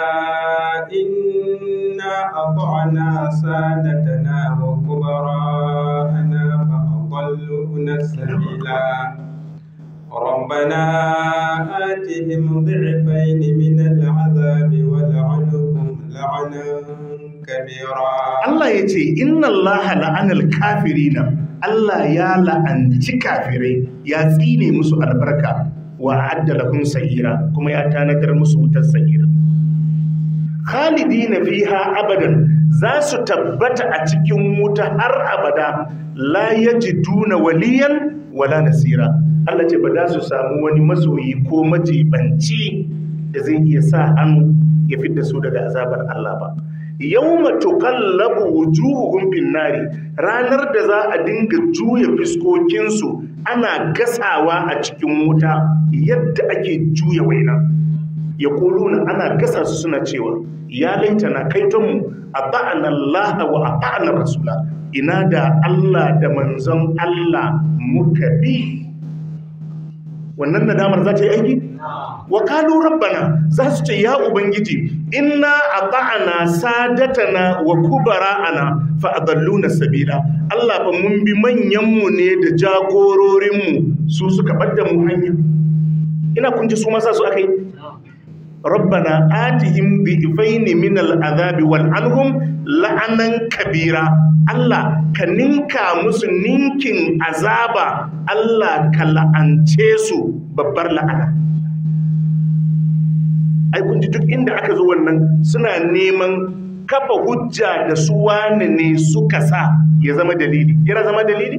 إنا أطعنا سادتنا وكبراءنا فأضلونا السبيلا ربنا آتهم ضعفين من العذاب ولعنهم لعنا كبيرا الله يتي إن الله لعن الكافرين Allah ya la'anci kafirai ya tsine musu albarka wa adda lahum sa'ira kuma ya tanadar musu wutar sa'ira khalidina fiha abadan za su tabbata a cikin wuta har abada la yajiduna waliyan wala nasira Allah ce ba za su samu wani masoyi ko majibanci da zai iya sa hannu ya fidda su daga azabar Allah ba yawma tuqallabu wujuhuhum fin nari ranar da za a dinga juya fiskokinsu ana gasawa a cikin wuta yadda ake juya waina yaquluna ana gasa su suna cewa ya laitana kaitonmu ba'an Allah wa ba'an rasula ina da Allah da manzon Allah muka bi wannan nadamar za ta yi aiki wa kalu rabbana za su ce ya ubangiji inna sadata sadatana wa kubara'ana fa na sabila Allah fa mun bi manyan mu ne da jagororinmu su suka bada mu hanya ina kun ji su ma sa su yi. rabbana atihim dhifaini min al'azabi wal anhum la'anan kabira Allah ka ninka musu ninkin azaba Allah ka la'ance su babbar la'ana ai kun ji duk inda aka zo wannan suna neman kafa hujja da su wani ne suka sa ya zama dalili yana zama dalili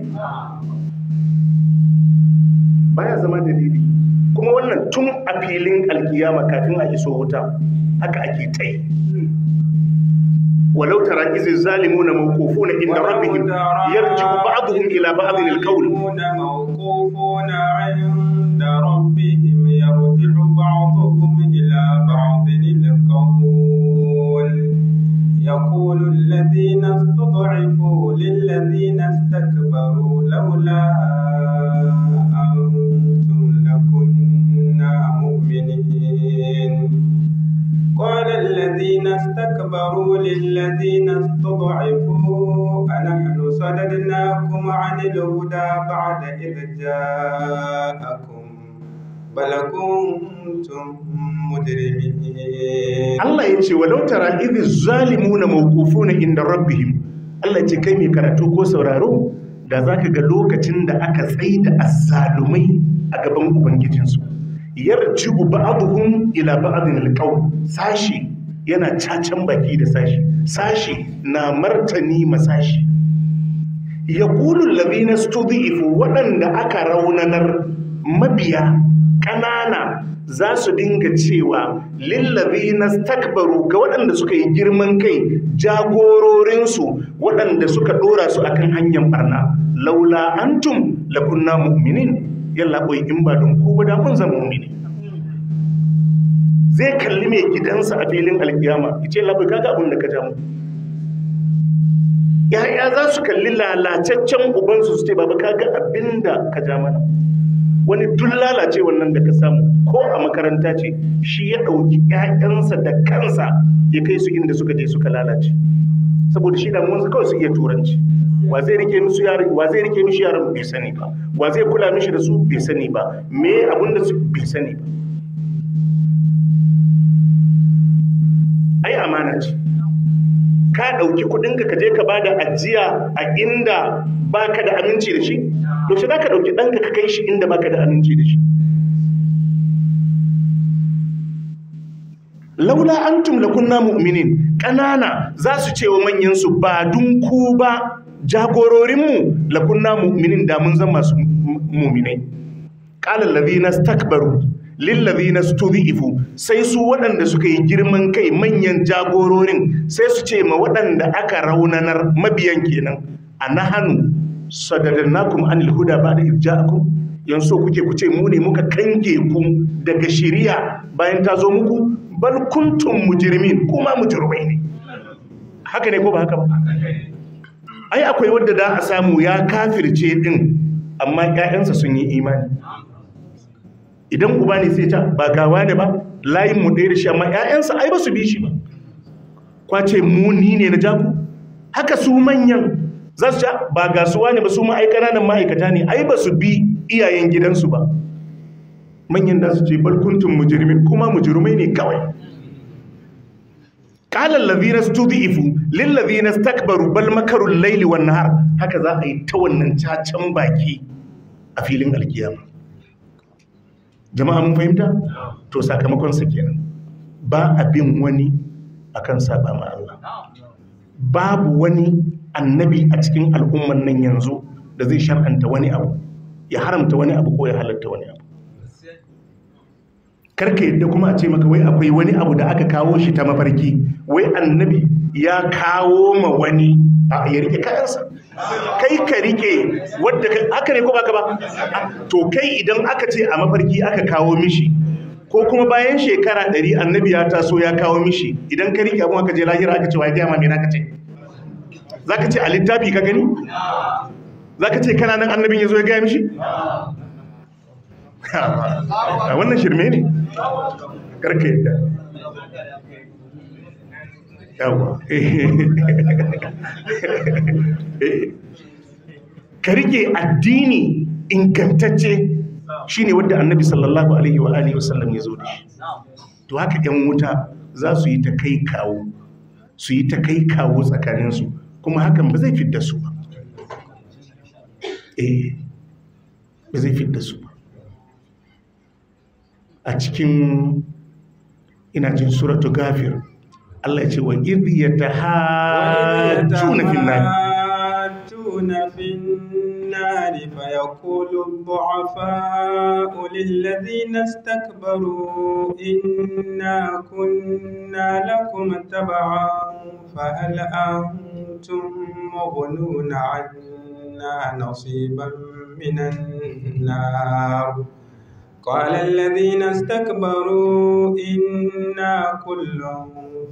baya zama dalili kuma wannan tun a filin alkiyama kafin a iso wuta haka ake ta yi walau tara izin zalimu na mawukofo na inda rabihim yar ji ku ba'adu hun ila ba'adu lil kawul yakulu alladhina istud'ifu lil ladhina istakbaru استكبروا للذين استضعفوا أنحن صددناكم عن الهدى بعد إذ جاءكم بل كنتم مجرمين الله يجي ولو ترى إذ الظالمون موقوفون عند ربهم Allah ya ce kai mai karatu ko sauraro da za ka ga lokacin da aka tsaye da azzalumai a gaban ubangijinsu yarji'u ba'dhum ila ba'dhin alqawl sashi yana cacan baki da sashi sashi na martani masashi ya kulun labina studifu waɗanda aka raunanar mabiya ƙanana za su dinga cewa lillabina stakbaru ga waɗanda suka yi girman kai jagororinsu waɗanda suka ɗora su akan hanyar barna laula antum lakunna mu'minin yalla in ba don ku da kun zama mu'mini zai kalli mai gidansa a filin alkiyama ya ce labu kaga abin da ka ja mu ya za su kalli lalacaccen ubansu su ce baba kaga abin da ka ja mana wani duk lalace wannan da ka samu ko a makaranta ce shi ya ɗauki ƴaƴansa da kansa ya kai su inda suka je suka lalace saboda shi su kawai su iya turanci wa zai rike musu yaran wa zai rike mishi yaran bai sani ba wa zai kula mishi da su bai sani ba me abin da su bai sani ba ai amana ce ka ɗauki kuɗinka ka je ka bada ajiya a inda baka da aminci da shi to shi za ka ɗauki ɗanka ka kai shi inda baka da aminci da shi laula antum lakunna mu'minin ƙanana za su ce wa su ba dun ba jagororinmu lakunna mu'minin da mun zama masu mu'minai qala na stakbaru lillazi na ifu sai su waɗanda suka yi girman kai manyan jagororin sai su ce ma waɗanda aka raunanar mabiyan kenan a nahanu sadadannakum anil huda ba da irja'akum yanzu kuke ku ce mu ne muka kange ku daga shiriya bayan ta zo muku bal kuntum mujrimin kuma mujrimai ne haka ne ko ba haka ba ai akwai wanda da a samu ya kafirce din amma 'ya'yansa sun yi imani idan uba ne sai ta ba gawa ne ba layin mu da shi amma ƴaƴansa ai ba su bi shi ba kwace mu ni ne na jaku haka su manyan za su ba gasuwa ne ba su ma'aikana nan ma'aikata ne ai ba su bi iyayen gidansu ba manyan da su ce balkuntun mujrimin kuma mujrimai ne kawai qala allazina ifu, lil ladzina takbaru bal makaru al-layli wan haka za a yi ta wannan cacan baki a filin alkiyama jama'a mun fahimta to sakamakon sakamakonsa kenan ba a bin wani akan saba ma Allah babu wani annabi a cikin al'umman nan yanzu da zai shar'anta wani abu ya haramta wani abu ko ya halatta wani abu karka yadda kuma a ce maka wai akwai wani abu da aka kawo shi ta mafarki wai annabi ya kawo ma wani a ya kayansa kai ka rike wadda aka ne ko baka ba to kai idan aka ce a mafarki aka kawo mishi ko kuma bayan shekara ɗari annabi ya taso ya kawo mishi idan ka rike abin aka je lahira aka ce wa ya gaya ma me naka ce za ka ce a littafi ka gani za ka ce kana nan annabin ya zo ya gaya mishi wannan shirme ne karka yadda yawa <laughs> ka rike addini ingantacce shine wadda annabi sallallahu alaihi wa alihi wasallam ya zo da shi to haka ɗan wuta za su yi ta kai kawo su yi ta kai kawo tsakaninsu kuma hakan ba zai fidda su ba eh ba zai fidda su ba a cikin ina jin suratu gafir Allah ya ce wa idh yatahajjuna fil nar يخلدون في النار فيقول الضعفاء للذين استكبروا إنا كنا لكم تبعا فهل أنتم مغنون عنا نصيبا من النار قال الذين استكبروا إنا كل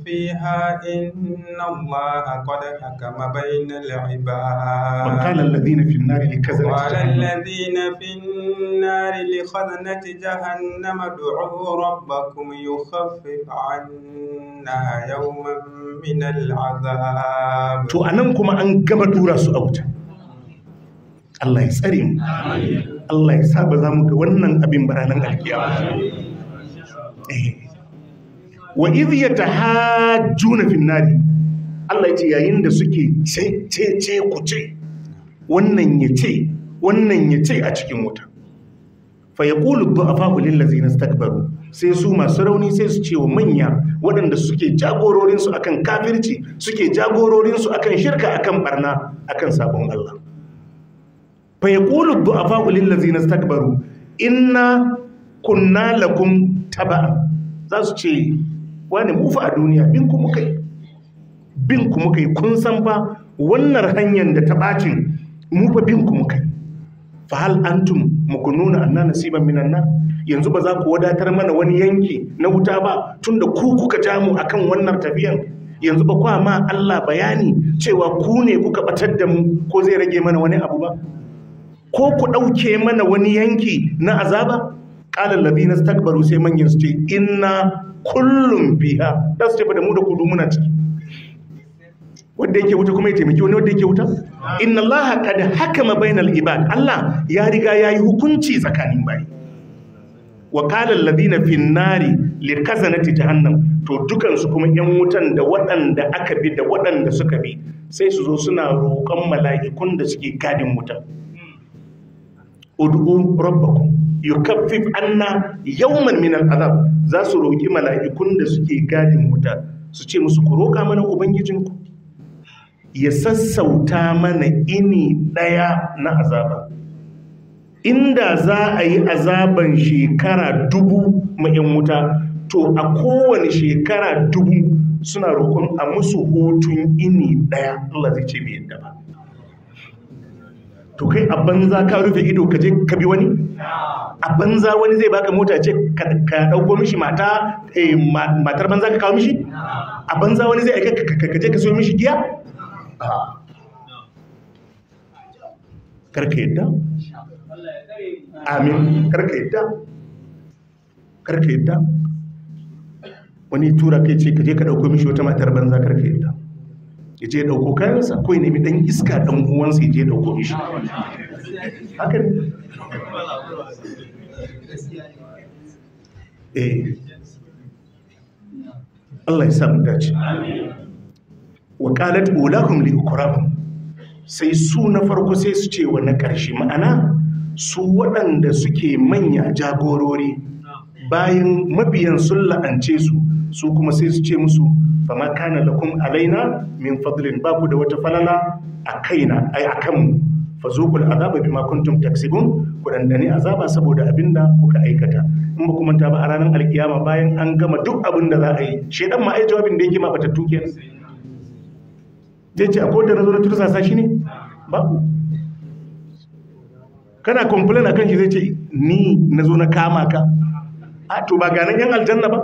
فيها إن الله قد حكم بين العباد وقال الذين في النار لخزنة قال الذين في النار لخزنة جهنم ادعوا ربكم يخفف عنا يوما من العذاب تو أنكم أن قبل الله يسألهم آمين Allah ya saba za mu ga wannan abin ba ranar alkiyama eh. wa idh yatahajjuna fin nari Allah ya ce yayin da suke ce ce ce ku ce wannan ya ce wannan ya a cikin wuta fa yaqulu du'afa lil ladzina istakbaru sai su masu rauni sai su ce wa manya waɗanda suke jagororinsu akan kafirci suke jagororinsu akan shirka akan barna akan sabon Allah fa yaqulu du'afa'u ladzina istakbaru inna kunna lakum tab'a za su ce wani mu a duniya bin ku muka yi bin ku muka yi kun san fa wannan hanyar da ta bacin mu fa bin ku muka fa hal antum mukununa anna nasiban minan nar yanzu ba za ku wadatar mana wani yanki na wuta ba tunda ku kuka ja mu akan wannan tafiyan yanzu ba kwa ma Allah bayani cewa ku ne kuka batar da mu ko zai rage mana wani abu ba ko ku ɗauke mana wani yanki na azaba ƙalar labina stakbaru sai manyan su ce inna kullum fiha da su ce da mu da kudu muna ciki wanda yake wuta kuma ya taimaki wani wanda yake wuta inna allaha haka ma bainal ibad allah ya riga ya yi hukunci tsakanin bayi wa qala alladhina fin nari li jahannam to dukansu kuma yan wutan da waɗanda aka bi da waɗanda suka bi sai su zo suna roƙon mala'ikun da suke gadin wutan ud'u rabbakum yukaffif anna yawman min al'azab za su roki mala'ikun da suke gadin wuta su ce musu ku roƙa mana ubangijinku ya sassauta mana ini ɗaya na azaba inda za a yi azaban shekara dubu ma'in wuta to a kowane shekara dubu suna roƙon a musu hutun ini ɗaya Allah zai ce bai yadda ba to kai a banza ka rufe ido ka je ka bi wani a banza wani zai baka mota ce ka dauko mishi mata eh, matar banza ka kawo mishi a banza wani zai aika ka je ka so mishi giya karka yadda amin karka yadda karka yadda wani tura kai ce ka je ka dauko mishi wata matar banza karka yadda ya je dauko kayansa ko ya nemi dan iska dan uwansa ya je dauko mishi haka ne eh Allah ya samu dace wa qalat ulahum li ukrahum sai su na farko sai su ce wa na ƙarshe ma'ana su waɗanda suke manya jagorori bayan mabiyan sun la'ance su su kuma sai su ce musu fama kana lakum alaina min fadlin babu da wata falala a kaina ai a kanmu fazuqul azaba bima kuntum taksibun ku dandane azaba saboda abinda kuka aikata in ba kuma ta ba a ranar alkiyama bayan an gama duk abin da za a yi Shaidan ma ai jawabin da yake ma fata tuke Zai ce da nazo na tursa sashi ne babu kana complain akan shi zai ce ni na zo na kama ka a to ba ganin yan aljanna ba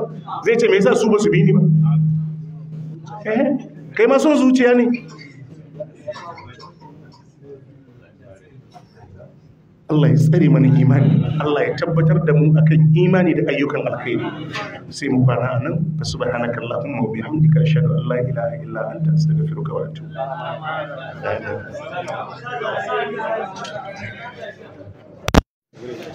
zai ce me yasa su ba su bi ni ba Eh? kai ma son zuciya ne Allah ya tsare mana imani Allah ya tabbatar da mu akan imani da ayyukan alkhairi sai mu kwana a nan lafin subhanaka allahumma wa bihamdika ashhadu an ila ilaha illa ta astaghfiruka wa firka wato